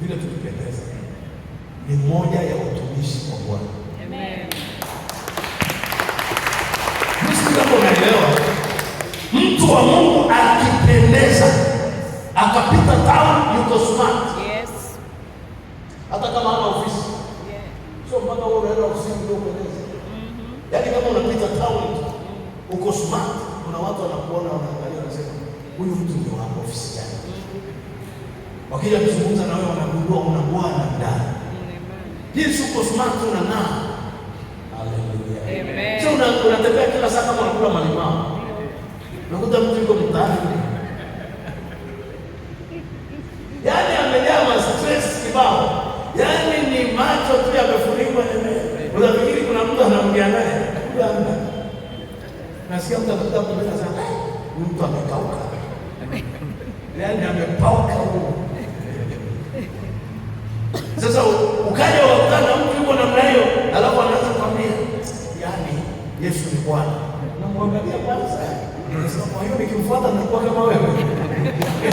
vile tukipendeza, ni moja ya utumishi kwa Bwana. Unaelewa, mtu wa Mungu akipendeza, akapita tao, yuko smart. Yes, hata kama ana ofisi yeah. sio mpaka wewe unaenda ofisini ndio upendeze. Mm-hmm. Yaani kama unapita tao uko smart, kuna watu wanakuona, wanaangalia, wanasema huyu mtu ni wa ofisi gani? Mm-hmm wakija kuzungumza na wewe wanagundua una Bwana ndani. Jinsi uko smart una na. Haleluya. Amen. Sio unatembea kila saa kama unakula malimao. Unakuta mtu yuko mtaani. Yaani amejaa ma stress kibao. Yaani ni macho tu yamefunikwa nene. Unafikiri kuna mtu anaongea naye. Kuna. Nasikia mtu anakuta kumbeza sana. Eh, mtu amekauka. Yaani amepauka huko ukaja wakutana na mtu yuko namna hiyo, alafu anaanza kukwambia yaani Yesu ni Bwana, namwangalia kwanza, kwa hiyo nikimfuata nakuwa kama wewe,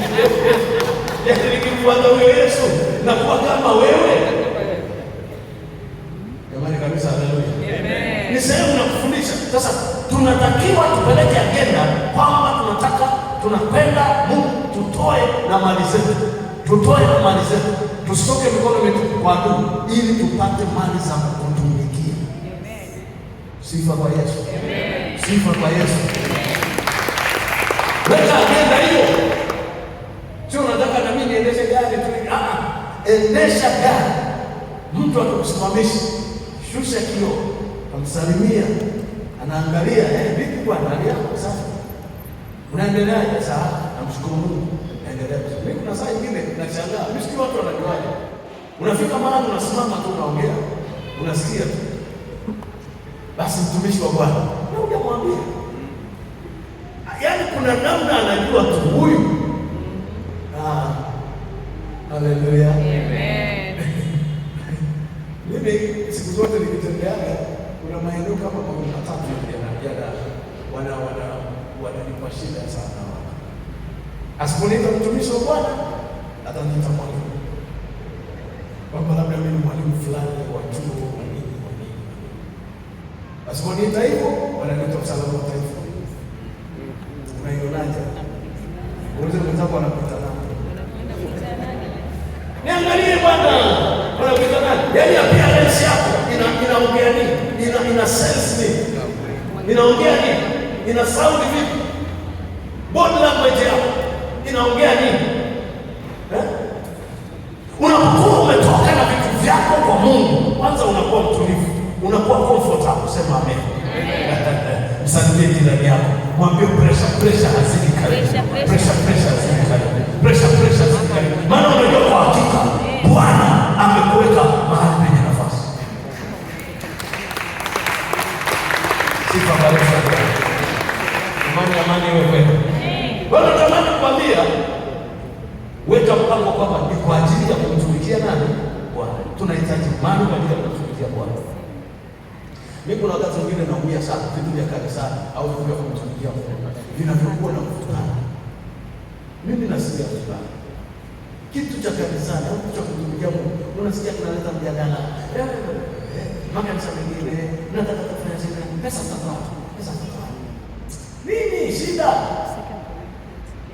yaani nikimfuata huyo Yesu nakuwa kama wewe. Jamani kabisa, haleluya, amen. Ni sehemu na kufundisha sasa. Tunatakiwa tupeleke agenda kwamba tunataka tunakwenda Mungu, tutoe na mali zetu, tutoe na mali zetu tusitoke mikono kwa adui ili tupate mali za kutumikia. Amen. Sifa kwa Yesu, Amen. sifa kwa Yesu. Amen. Weka agenda hiyo, sio unataka na mimi niendeshe gari tu. Ah, ah. Endesha gari, mtu atakusimamisha, shusha kio, amsalimia, anaangalia eh, vipi bwana, hali yako safi, unaendelea saa namshukuru Mungu, naendelea kusema. Kuna saa ingine nashangaa mimi, sijui watu wanajuaje. Unafika mahali unasimama tu unaongea, unasikia tu basi, mtumishi wa Bwana na unamwambia, yaani kuna namna anajua tu huyu. Ah, haleluya, amen. Mimi siku zote nikitembeaga, kuna maeneo kama matatu ya wana wana wananipa shida sana Asipolita mtumishi wa Bwana ataniita mwalimu, kwamba labda mimi mwalimu fulani wa chuo na nini na nini. Asiponiita hivyo, wananiita usalama wa taifa. Unaionaje? Ulize mwenzako anakuita nani? Niangalie bwana, wanakuita nani? Yaani apia yako ina inaongea nini? Ina ina sense nini? Inaongea nini? Ina sound vipi? Body language yako inaongea nini eh? Unapokuwa umetoka na vitu vyako kwa Mungu, kwanza unakuwa mtulivu, unakuwa comfortable kusema amen. Msalimie jirani yako, mwambie pressure pressure hazidi karibu, pressure pressure hazidi karibu tunahitaji mali kwa ajili ya kumtumikia Bwana. Mimi kuna wakati mwingine naumia sana vitu vya kale sana, au vitu vya kumtumikia Mungu vinavyokuwa na kutana. Mimi nasikia kutana kitu cha kale sana, au cha kutumikia Mungu, unasikia tunaleta mjadala eh, eh, eh, makanisa mengine, nataka kufanya zile pesa tapata pesa tapata nini shida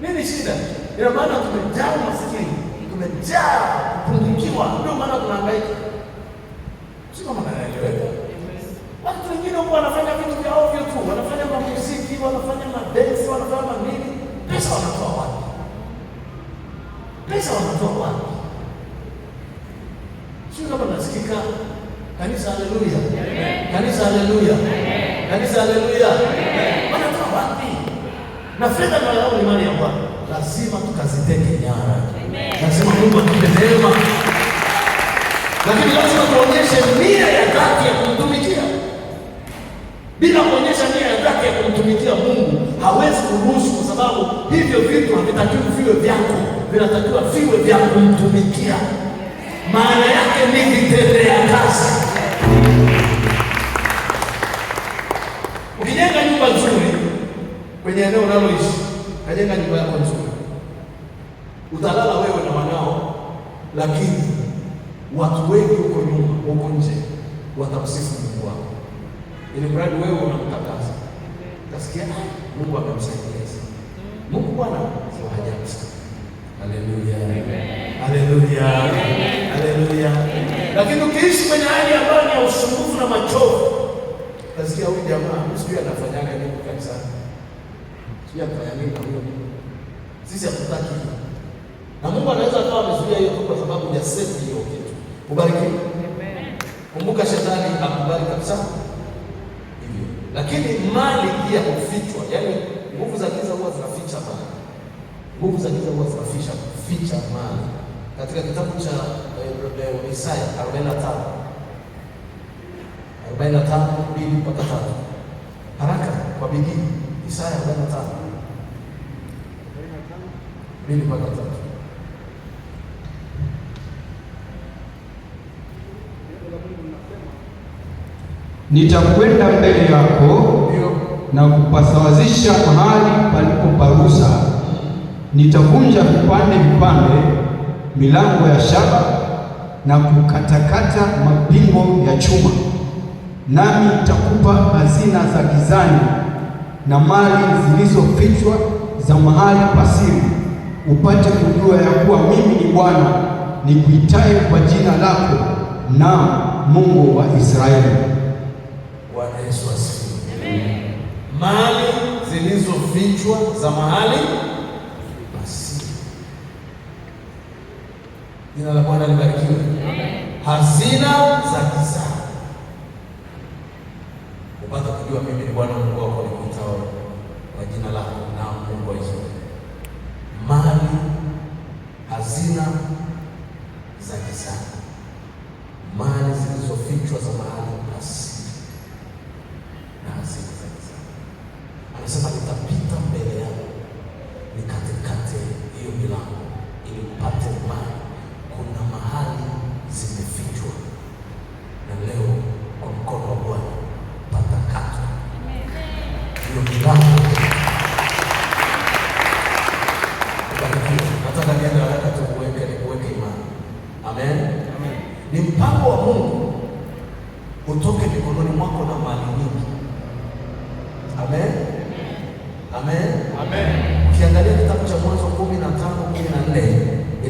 nini shida, ina maana tumejaa masikini imejaa kupungukiwa, ndio maana tunahangaika. Sio kama naeleweka. Watu wengine huko wanafanya vitu vya ovyo tu, wanafanya mamuziki, wanafanya madensi, wanafanya manini, pesa wanatoa wapi? Pesa wanatoa wapi? Sio kama nasikika kanisa, haleluya, kanisa, haleluya, kanisa, haleluya. Wanatoa wapi? Na fedha ni mali ya Bwana lazima tukaziteke nyara, lazima Mungu atupe neema, lakini lazima tuonyeshe nia ya dhati ya kumtumikia. Bila kuonyesha nia ya dhati ya kumtumikia Mungu hawezi kuruhusu, kwa sababu hivyo vitu havitakiwi viwe vyako, vinatakiwa viwe vya kumtumikia. Maana yake ni vitendea kazi. Ukijenga nyumba nzuri kwenye eneo unaloishi, kajenga nyumba yako nzuri utalala wewe na wanao, lakini watu wengi huko nyuma, huko nje watamsifu Mungu wako, ili mradi wewe unamtakasa. Utasikia ah, Mungu amemsaidia sana. Mungu Bwana si wa Haleluya, haleluya, haleluya. Lakini ukiishi kwenye hali ambayo ni ya usumbufu na machovu, utasikia huyu jamaa sijui anafanyaga nini kanisani, sijui anafanya nini. Sisi hatutaki moja seti hiyo kitu. Ubarikiwe. Amen. Kumbuka shetani hakubali kabisa hivyo, lakini mali pia hufichwa, yaani nguvu za giza huwa zinaficha mali, nguvu za giza huwa zinaficha ficha mali. Katika kitabu cha eh, eh Isaya 45 45 mbili mpaka tatu, haraka kwa bidii. Isaya 45 mbili mpaka tatu. nitakwenda mbele yako na kupasawazisha mahali palipo parusa. Nitavunja vipande vipande milango ya shaba na kukatakata mapingo ya chuma, nami nitakupa hazina za gizani na mali zilizofichwa za mahali pasiri, upate kujua ya kuwa mimi ni Bwana nikuitaye kwa jina lako, na Mungu wa Israeli. mali zilizofichwa za mahali basi. Jina la Bwana libarikiwe. Hazina za kizazi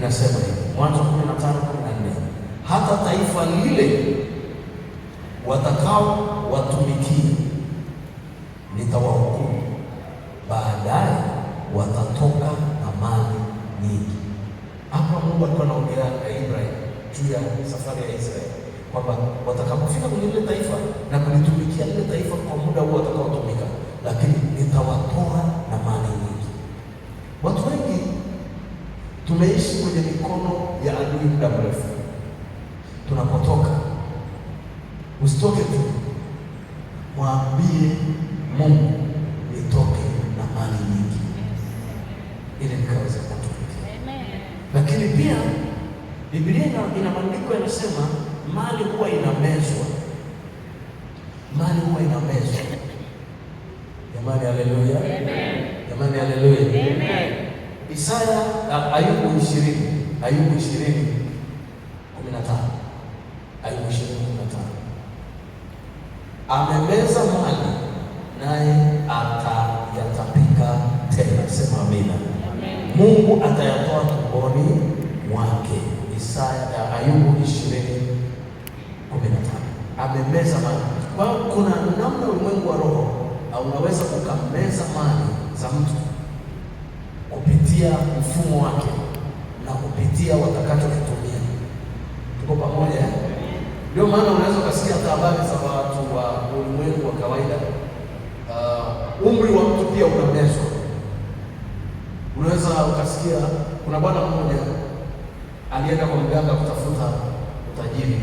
inasema hivi, Mwanzo 15:14 hata taifa lile watakao watumikia nitawahukumu, baadaye watatoka na mali nyingi. Hapa Mungu alikuwa na Ibrahim juu ya safari ya Israeli kwamba watakapofika kwenye lile taifa na kulitumikia lile taifa kwa muda huo watakaotumika, lakini nitawatoa na mali nyingi. Watu wengi tumeishi hajui muda mrefu tunapotoka. Usitoke tu, mwambie Mungu nitoke na mali nyingi ili nikaweza kutumikia. Lakini pia Biblia ina maandiko yanasema mali huwa inamezwa, mali huwa inamezwa. Jamani, haleluya! Jamani, haleluya! Isaya Ayubu ishirini Ayubu ishirini kumi na tano Ayubu ishirini kumi na tano amemeza mali naye atayatapika tena. Sema amina. Mungu atayatoa tumboni mwake. Isaya Ayubu ishirini kumi na tano amemeza mali. Kwa hiyo kuna namna ulimwengu wa roho unaweza kukameza mali za mtu kupitia mfumo wake na kupitia watakachokitumia. Tuko pamoja? Ndio maana unaweza ukasikia hata habari za watu wa ulimwengu wa kawaida. Uh, umri wa mtu pia unamezwa. Unaweza ukasikia kuna bwana mmoja alienda kwa mganga kutafuta utajiri,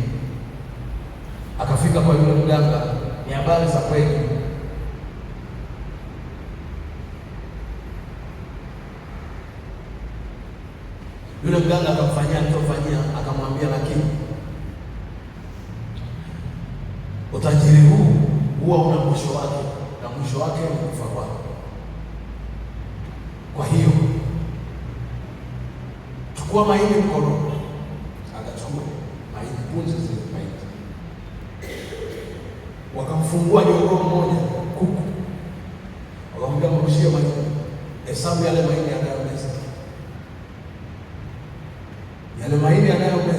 akafika kwa yule mganga, ni habari za kweli Yule mganga akamfanyia alichofanyia, akamwambia lakini utajiri huu huwa una mwisho wake, na mwisho wake ni kufa kwako. Kwa hiyo chukua maini mkono. Akachukua mahindi punje zile mahindi, wakamfungua jogoo mmoja, kuku, wakamwambia mrushie mahindi, hesabu yale maini Gracias.